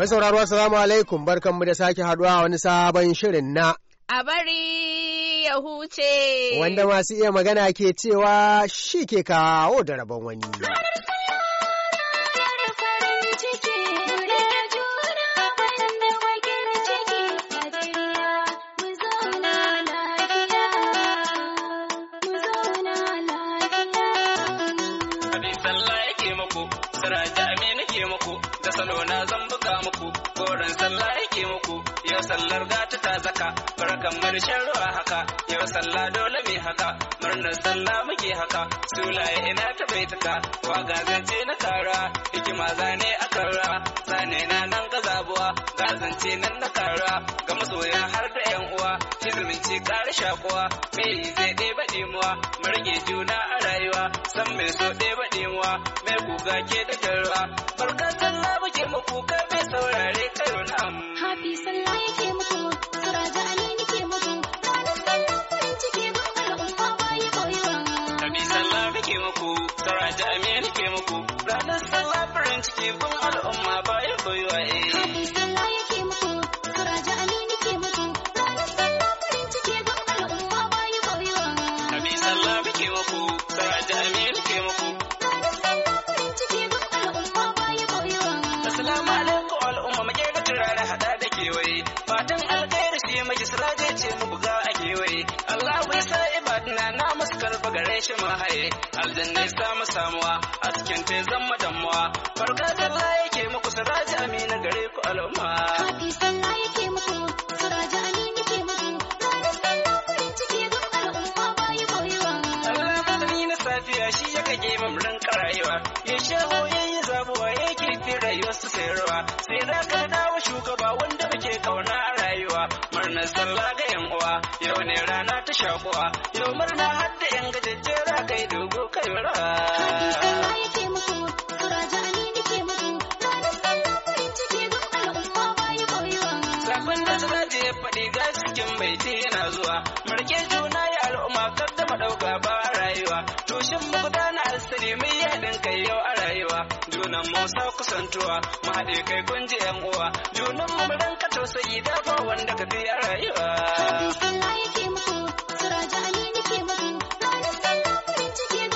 Mai sauraro assalamu alaikum barkanmu da sake haduwa wani sabon shirin na a bari ya huce wanda masu iya magana ke cewa shi ke kawo da rabon wani. Har da farin ciki sallar gata ta zaka barkan marshen ruwa haka yau sallah dole mai haka murnar sallah muke haka sulaye ina ta bai taka waga zance na kara hikima zane a kara zane na nan ga zabuwa ga zance nan na kara ga masoya har da yan uwa hiziminci kara shakuwa mai zai ɗeba ɗimuwa marge juna a rayuwa san mai so ɗeba ɗimuwa mai kuka ke da garwa barkan sallah muke kuka mai saurare kai al'umma for you. gare shi mahaye samu samuwa a cikin ta zama damuwa farka dalla yake muku siraji amina gare ku al'umma yake ranar ciki koyewa na safiya shi ya kage mamrin karayewa ya shaho yayi zabuwa ya kirfi rayuwar su sayarwa sai da ka dawo shugaba wanda muke kauna a rayuwa murnar sallah ga yan uwa yau ne rana ta shakuwa kusantuwa mu haɗe kai kunje yan uwa junan mu dan ka tausayi da ba wanda ka biya rayuwa sallah ciki yan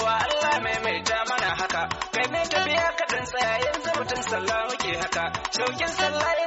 uwa Allah maimaita mana haka kai tafiya kaɗan tsaya yanzu mutum sallah muke haka shaukin sallah ya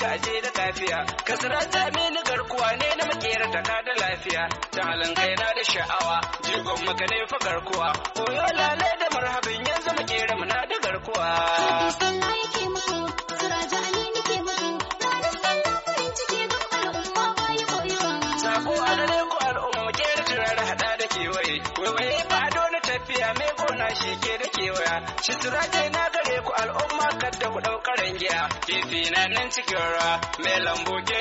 ka je da kafiya kasara ta mini garkuwa ne na makera ta ka da lafiya ta halin na da sha'awa jigon maka ne fa garkuwa koyo lale da marhabin yanzu makera muna da garkuwa. wai ba tafiya gona shi ke da kewaya shi tura na nan cikin ra mai lambu ke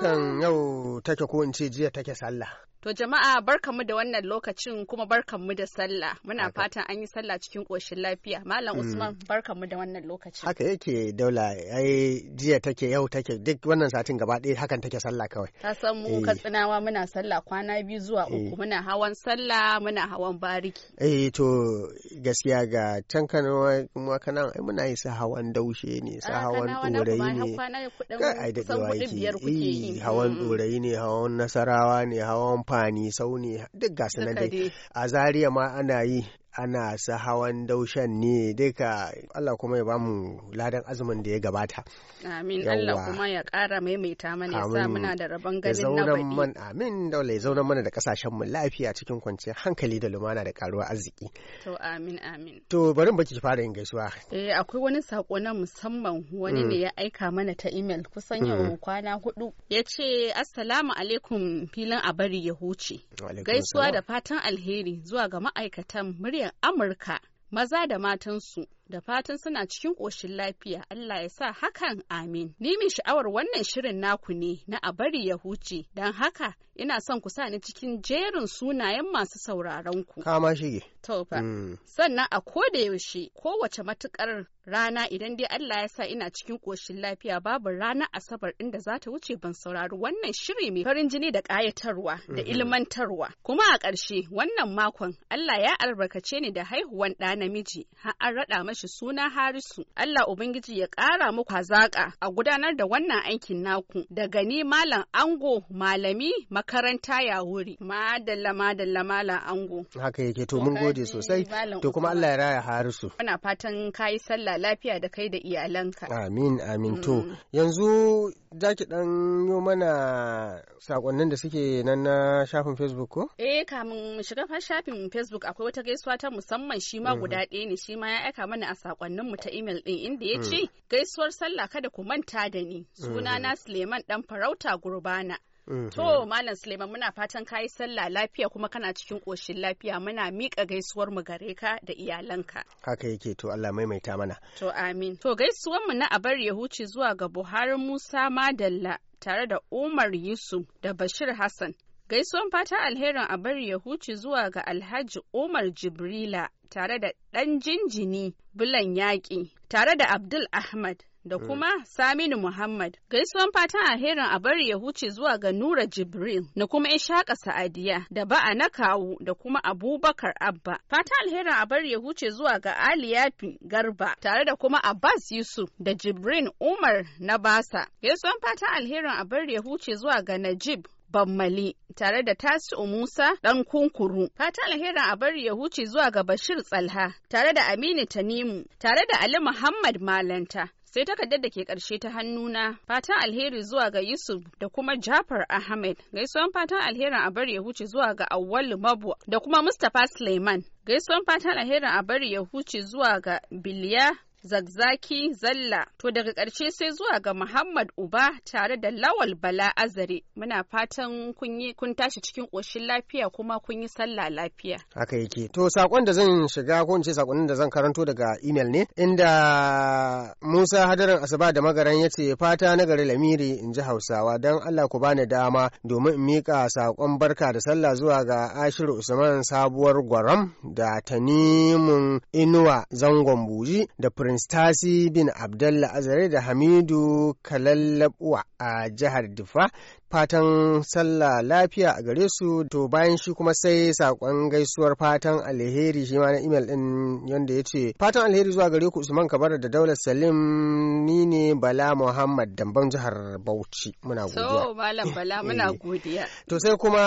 kan yau take ko in ce jiya take sallah To jama'a barkanmu da wannan lokacin kuma barkanmu da sallah. Muna fatan an yi sallah cikin ƙoshin lafiya. Malam mm. Usman barkanmu da wannan lokacin. Haka yake daula ai jiya take yau take duk wannan satin gaba ɗaya hakan take sallah kawai. Ka san mu eh. katsinawa muna sallah kwana biyu zuwa eh. uku muna hawan sallah muna hawan bariki. Eh to gaskiya ga can Kano kuma kana ai muna yi sa hawan daushe ne Sa ah, hawan ɗorayi ne. Ai da eh, hawan mm, mm, ɗorayi ne hawan nasarawa ne hawan sau sauni duk gasu nan dai a zaria ma ana yi ana su hawan daushen ne duka Allah kuma ya bamu ladan azumin da ya gabata. Amin Allah kuma ya ƙara maimaita mana ya sa muna da rabon ganin na baɗi. Amin daula ya zauna mana da ƙasashen mu lafiya cikin kwanciyar hankali da lumana da karuwa arziki. To amin amin. To bari baki fara yin gaisuwa. Eh akwai wani sako na musamman wani mm. ne ya aika mana ta email kusan yau mm. kwana hudu ya ce assalamu alaikum filin a bari ya huce. Gaisuwa da fatan alheri zuwa ga ma'aikatan murya muryar Amurka maza da matansu da fatan suna cikin koshin lafiya Allah ya sa hakan amin. Ni min sha'awar wannan shirin naku ne na a bari ya huce don haka ina son ku sa ni cikin jerin sunayen masu sauraron ku. Kama shige. Taufa. Mm. Sannan a koda yaushe kowace matukar rana idan dai Allah ya sa ina cikin koshin lafiya babu rana asabar inda za ta wuce ban saurari wannan shiri mai farin jini da ƙayatarwa da mm-hmm. ilmantarwa. Kuma a ƙarshe wannan makon Allah ya albarkace ni da haihuwan ɗa namiji har an raɗa mashi shi suna Harisu. Allah Ubangiji ya ƙara muku hazaƙa a gudanar da wannan aikin naku daga ni Malam Ango Malami makaranta ya wuri. Madalla madalla Malam Ango. Haka yake to mun gode sosai. To kuma Allah ya raya Harisu. Muna fatan yi sallah lafiya da kai da iyalanka. Amin amin to mm. yanzu za ki dan yo mana sakonnin da suke nan na shafin Facebook ko? Eh kamun shiga shafin Facebook akwai wata gaisuwa ta musamman shi ma mm. guda ɗaya ne shi ma ya aika mana a sakonnin mu ta email din inda ya hmm. ce gaisuwar sallah kada ku manta da ni sunana hmm. Suleiman dan farauta gurbana hmm. To Malam Suleiman muna fatan kayi sallah lafiya kuma kana cikin koshin lafiya muna miƙa gaisuwar mu gare ka da iyalanka. Haka yake to Allah maimaita mana. To amin. To gaisuwar mu na abar ya huce zuwa ga Buhari Musa Madalla tare da Umar Yusuf da Bashir Hassan Gaisuwan fata alherin a bari ya huce zuwa ga Alhaji Umar Jibrila tare da ɗan jinjini bulan yaƙi tare da Abdul Ahmad da mm. kuma Saminu Muhammad. Gaisuwan fatan alherin a bari ya huce zuwa ga Nura Jibril na kuma shaƙa Sa'adiya da ba'a na kawu da kuma Abubakar Abba. Fata alherin a bari ya huce zuwa ga Ali Yafi Garba tare da kuma Abbas Yusuf da jibril Umar na Basa. Gaisuwan fata alherin a bari ya huce zuwa ga Najib Bammali tare da Tasi'u Musa ɗan kunkuru. Fatan alherin a bari ya huce zuwa ga Bashir Tsalha tare da Aminu Tanimu tare da Ali Muhammad Malanta. sai takardar da ke ƙarshe ta hannuna fatan alheri zuwa ga yusuf da kuma jafar ahmed gaisuwan fatan alherin a bari ya huce zuwa ga awwal mabu da kuma mustapha suleiman gaisuwan fatan alherin a bari ya huce zuwa ga biliya Zagzaki Zalla to daga ƙarshe sai zuwa ga Muhammad Uba tare da Lawal Bala Azare muna fatan kun tashi cikin ƙoshin lafiya kuma kun yi sallah lafiya. Haka yake to sakon da zan shiga ko in ce sakonnin da zan karanto daga email ne inda Musa Hadarin Asaba da Magaran ya ce fata na gari Lamiri in ji Hausawa don Allah ku bani dama domin in miƙa saƙon barka da sallah zuwa ga Ashiru Usman Sabuwar Gwaram da Tanimun Inuwa Zangon Buji da Prince Tasi bin Abdallah Azare da Hamidu Kalallabuwa a jihar Difa fatan sallah lafiya a gare su to bayan shi kuma sai sakon gaisuwar fatan alheri shi ma na imel din yanda ya ce fatan alheri zuwa gare ku usman kabar da daular salim ni ne bala muhammad damban jihar bauchi muna godiya so malam bala muna eh. godiya to sai kuma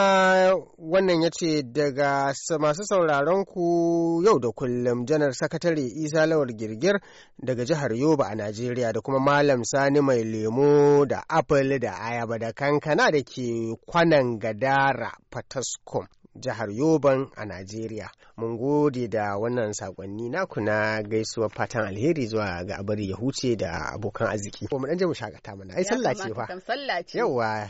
wannan ya ce daga masu sauraron ku yau da kullum janar sakatare isa lawar girgir daga jihar yoba a najeriya da kuma malam sani mai lemo da apple da ayaba da kankan. sana'a da ke kwanan gadara fataskum jihar yoban a najeriya mun gode da wannan sakonni naku na gaisuwar fatan alheri zuwa ga abari ya huce da abokan arziki ko mu dan je mu shakata mana ai sallah ce fa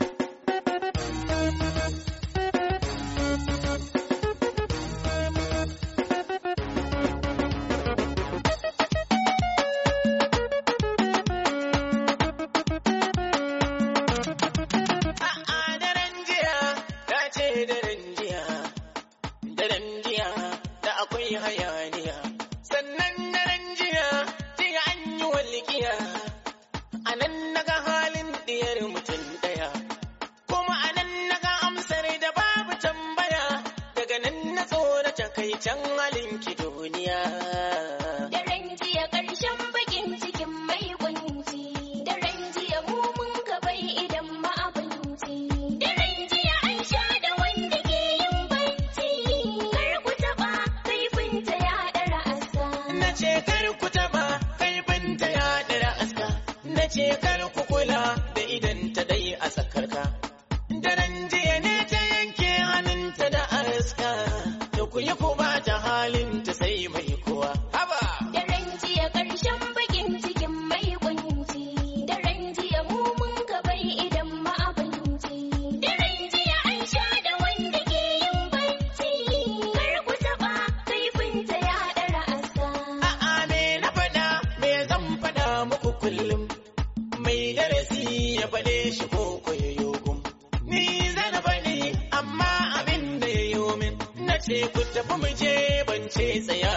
mu je bance tsaya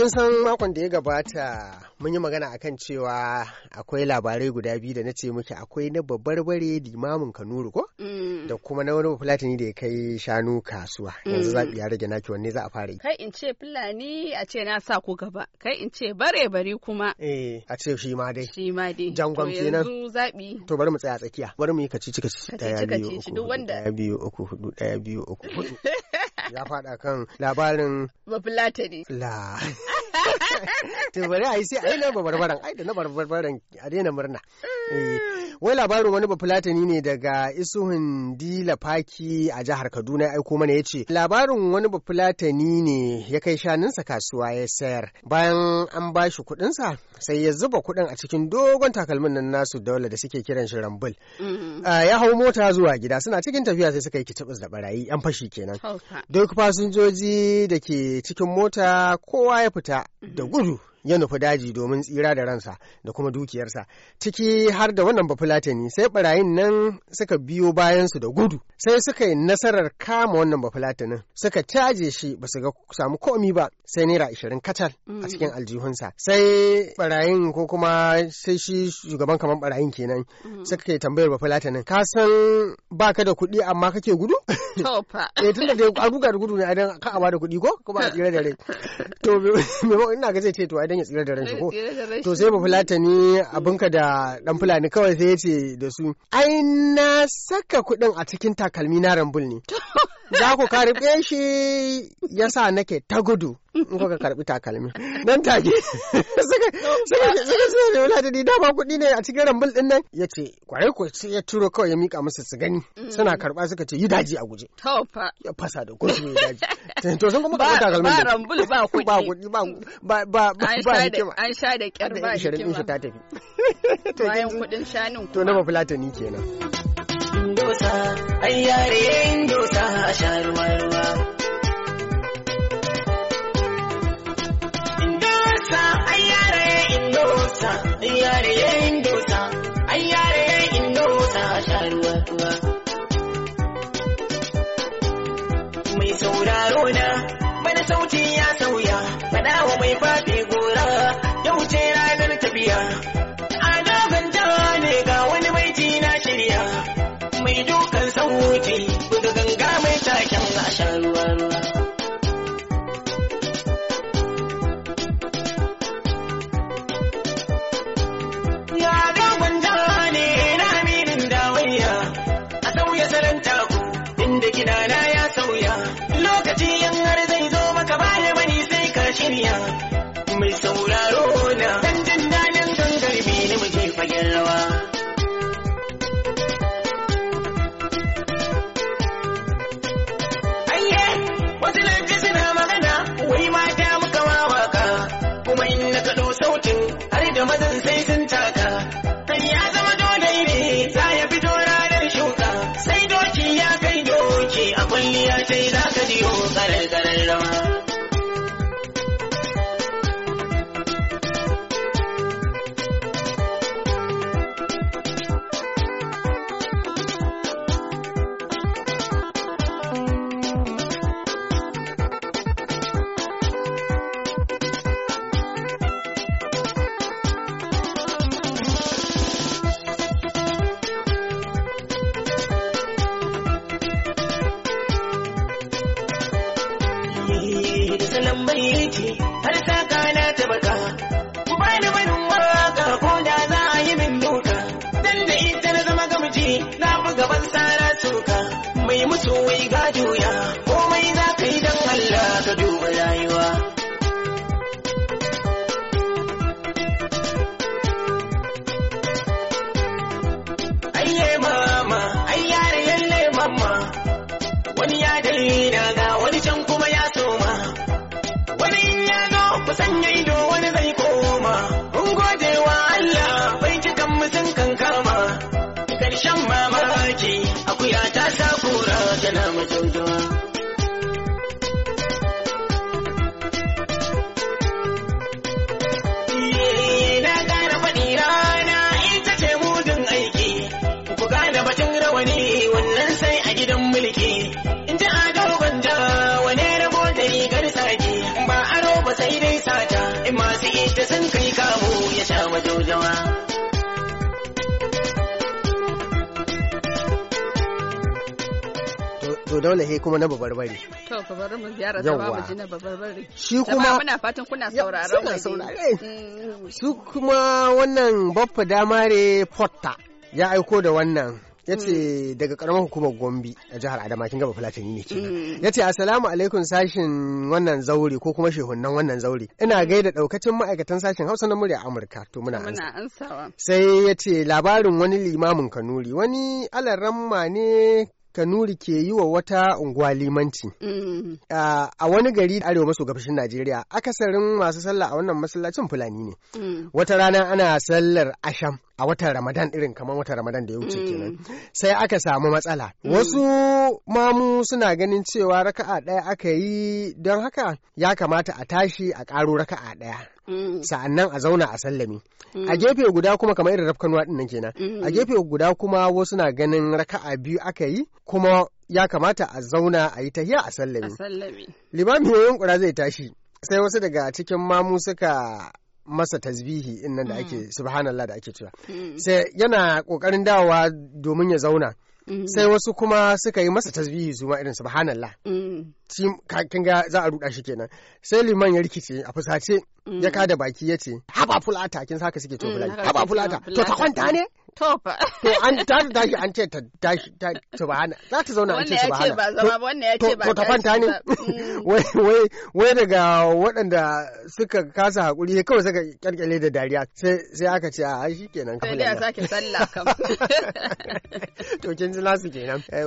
kin san makon da ya gabata mun yi magana akan cewa akwai labarai guda biyu da na ce miki akwai na babbar bare limamin kanuru ko mm. da kuma na wani fulatani da ya kai shanu kasuwa mm. yanzu zaɓi ya rage naki wanne za a fara yi kai in ce fulani a ce na sa ku gaba kai in ce bare bare kuma eh a ce shi ma dai shi ma dai jangon kenan yanzu zaɓi to bari mu tsaya tsakiya bari mu yi kaci kaci kaci daya biyu uku duk wanda daya biyu uku hudu daya biyu uku hudu ya faɗa kan labarin bafulatani la to bari a yi sai a barbaran ai da na barbaran a daina murna eh, wai labarin wani bafulatani ne daga isuhun dila faki a jihar kaduna ya aiko mana ya ce labarin wani bafulatani ne ya kai shanunsa kasuwa ya sayar bayan an ba shi kuɗinsa sai ya zuba kuɗin a cikin dogon takalmin nan nasu daula da suke kiran shi rambul mm-hmm. ah, ya hau mota zuwa gida suna cikin tafiya sai suka yi kitibis da barayi an fashi kenan duk fasinjoji da ke cikin mota kowa ya fita da gudu ya nufi daji domin tsira da ransa da kuma dukiyarsa ciki har da wannan bafulatani sai barayin nan suka biyo bayansu da gudu sai suka yi nasarar kama wannan bafulatanin suka caje shi ba su ga samu komi ba sai naira ashirin kacal a mm. cikin aljihunsa sai barayin ko kuma sai shi shugaban kamar barayin kenan mm. suka yi tambayar bafulatanin ka san ba ka da kuɗi amma kake gudu eh tunda da gudu ne a ka da kuɗi ko kuma a tsira da rai to ina ga zai ce to dan ya tsira da ran shi ko to sai ba abun abinka da dan fulani kawai sai yace ce da su ai na saka kuɗin a cikin takalmi na rambul ne za ku karɓe shi yasa nake ta gudu in ka karbi takalmin nan take suka suka ce mai da ni dama kuɗi ne a cikin rambul din nan ya ce kwaye ko sai ya turo kawai ya mika musu su gani mm. suna karba suka ce yi daji a guje ya fasa da kuɗi ya daji to sun kuma karbi takalmi ba rambul ba kuɗi ba kuɗi ba ba ba ba hikima an sha da kyar ba hikima ta tafi bayan kuɗin shanun to na ba fulatani kenan dosa ayyare yare dosa a sha ruwa ruwa indosa ai yare indosa yare indosa yare indosa sharuwa mai sauraro na bana sauti ya sauya fada wa mai fadi sautin har da mazan sai sun tara to he kuma na babarbare to ka mu ziyara ta babu ji na babarbare shi kuma muna fatan kuna sauraron mu saurare mm. su kuma wannan baffa damare potta ya aiko da wannan ya ce mm. daga karamar hukumar gombe a jihar adama kin gaba fulatani ne kenan mm. ya ce assalamu alaikum sashin wannan zaure ko kuma shehunan wannan zaure ina gaida daukacin ma'aikatan sashin hausa na murya amurka to muna ansawa sai ya ce labarin wani limamin kanuri wani alaramma ne Kanuri ke yi wa wata unguwa limanci. Mm. A wani gari da arewa maso gabashin Najeriya, akasarin masu sallah a wannan masallacin Fulani ne. Mm. Wata rana ana sallar asham. a watan ramadan irin kamar watan ramadan da ya wuce mm. kenan sai aka samu matsala mm. wasu mamu suna ganin cewa raka'a ɗaya aka yi don haka ya kamata a tashi a ƙaro raka'a ɗaya mm. sa'annan a zauna a sallami a gefe guda kuma kamar irin rafkan nan kenan a gefe guda kuma wasu na ganin raka'a biyu aka yi kuma ya kamata a zauna a yi tahiya a sallami limami yayin kura zai tashi sai wasu daga cikin mamu suka masa tasbihi in nan da ake mm. subhanallah da ake cewa mm. sai yana kokarin dawowa domin ya zauna mm-hmm. sai wasu kuma suka yi masa tasbihi su ma irin subhanallah mm. kin ga za a ruda shi kenan sai liman ya rikice a fusace ya mm. kada baki ya ce haba fulata kin saka suke to mm, haba fulata to ta kwanta ne to fa to an ta tashi an ce ta tashi ta subhana za ta zauna an ce subhana wannan ya ce ba to ta kwanta ne mm. wai wai wai daga waɗanda suka kasa hakuri kawai suka kyalkyale da dariya sai sai aka ce a shi kenan ka fulata sai sake sallah kam to kin ji nasu kenan eh,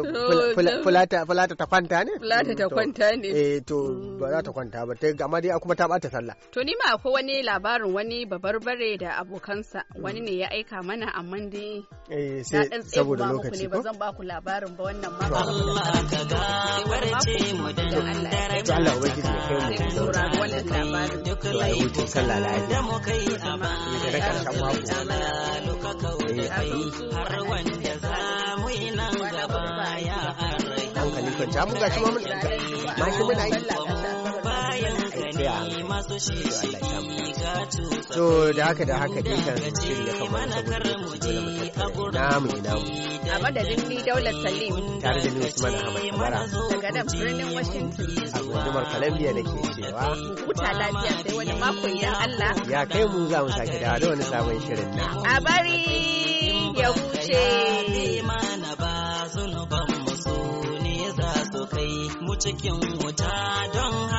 fulata fulata ta kwanta ne fulata ta kwanta ne eh to ba za ta kwanta ba amma dai kuma ta bata sallah to ni ma ko wani labarin wani babarbare da abokansa wani ne ya aika mana amma dai eh, na dan saboda lokaci ba zan baku labarin ba wannan ma Allah ka ga warce mu da daraja Allah ubangiji ya kai mu saurari wannan labarin duk laifin sallah da mu kai a ba da karshen mako eh har wanda za mu yi nan gaba ya hankali ma mun so to da haka da haka dai kan shirya ya saboda lokaci dole na mu ina mu a madadin ni daular salim tare da ni usman ahmad kamara daga nan birnin washington a gundumar columbia da ke cewa huta lafiya sai wani mako ya allah ya kai mu za mu sake dawo da wani sabon shirin na a bari ya huce mu cikin wuta don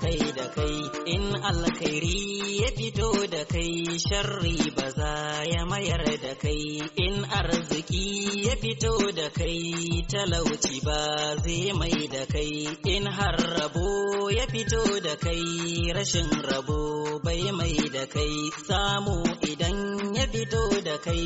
kai da kai in alkhairi ya fito da kai sharri ba za ya mayar da kai in arziki ya fito da kai talauci ba zai mai da kai in har rabo ya fito da kai rashin rabo bai mai da kai samu idan ya fito da kai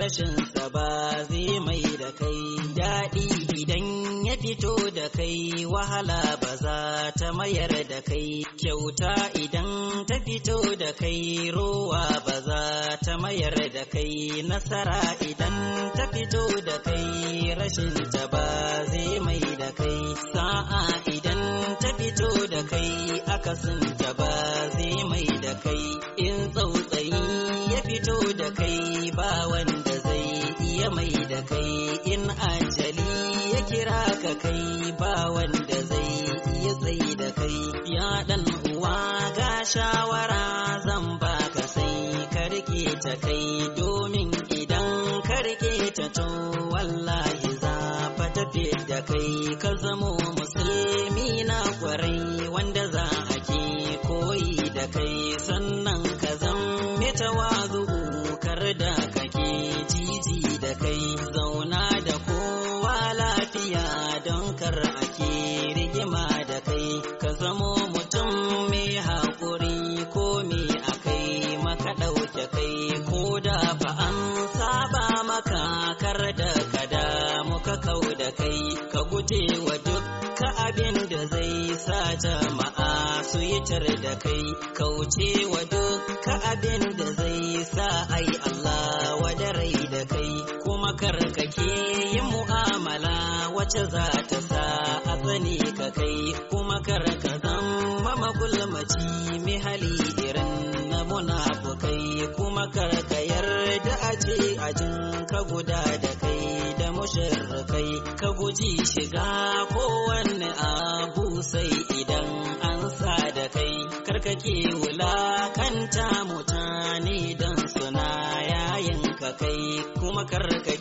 rashin sa ba zai mai da kai daɗi idan ya fito da kai wahala ba za ta mayar da kai kyauta idan ta fito da kai ruwa ba za ta mayar da kai nasara idan ta fito da kai rashin ta ba zai mai da kai sa'a idan ta fito da kai akasin ta ba zai mai da kai in tsautsayi ya fito da kai ba wanda zai iya mai da kai in ajali ya kira ka kai ba wanda zai iya tsayi da kai ya dan uwa ga shawara ta kai domin idan karke ta to wallahi za fa tafi da kai ka zamo sai sa jama'a su yi tare da kai kauce wa duka abin da zai sa ai Allah wada rai da kai kuma ke yi mu'amala wacce za ta sa a sani ka kai kuma karka zama magulmaci mi hali irin na munafukai kuma karka yarda a ce ajin ka guda da kai ka guji shiga kowanne abu sai idan an sa da kai karkake wulakanta mutum ka kai kuma karkake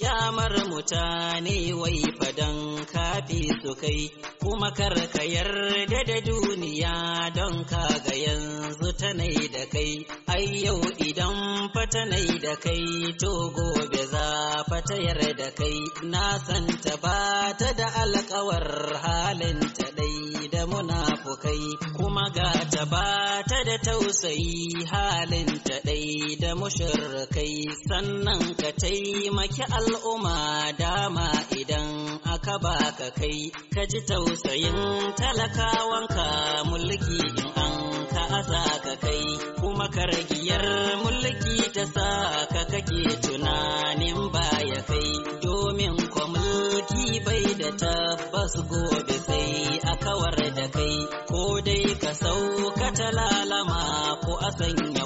kyamar mutane wai fadan kafi su kai kuma karka yarda da duniya don kaga yanzu tanai da kai ai yau idan nai da kai to gobe za fata yarda kai na san ta ba da alkawar halin ta dai da munafukai kuma ga ta ba da tausayi halin ta dai da mushirkai sannan ka taimaki al'umma dama idan aka baka kai ka ji tausayin talakawanka mulki in an ka aza ka kai kuma kargiyar mulki ta sa ka kake tunanin baya kai domin kwa mulki bai da tabbas gobe sai a kawar da kai ko dai ka sauka talalama ko a sanya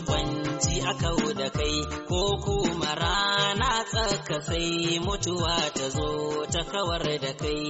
sai mutuwa ta zo ta kawar da kai